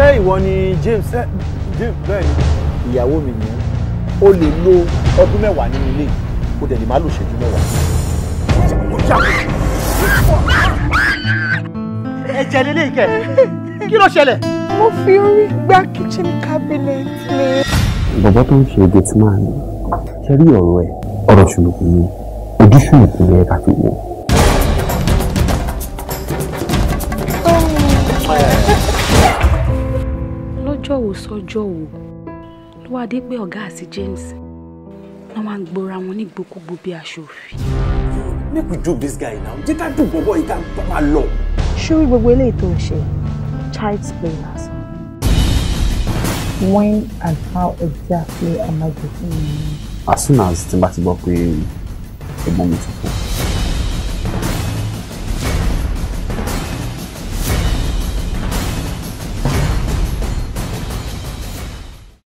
ṣé ìwọ ni James James bẹ́ẹ̀ ni ìyàwó mi ni o lè lo ọdún mẹ́wàá nínú ilé o dẹ̀ lè má lò ṣẹ́jú mẹ́wàá. ẹ̀jẹ̀ lélẹ̀ ìkẹ́ kí ló ṣẹlẹ̀. mo fi orí gbá kitchen cabinet lé. bàbá tó ń ṣe gate man ṣe rí ọ̀rọ̀ ẹ̀ ọ̀rọ̀ ṣùnùkùn ni ojúṣùnùkùn ni ẹ fi wọ̀. sọ́jọ́ wo sọ́jọ́ wo ló wá dé pé ọ̀gá àti James náà wá ń gbọ́ra wọn ní gbogbogbò bí aṣòfin. make we do this guy now jẹ́ ká dùn bọ́bọ́ yìí ká bá wa lọ. ṣúrí gbogbo eléyìí tó ń ṣe child's play lásán. when and how exactly am I getting money. as soon as tí n bá ti gbọ́ pé ẹ̀gbọ́n mi ti kú.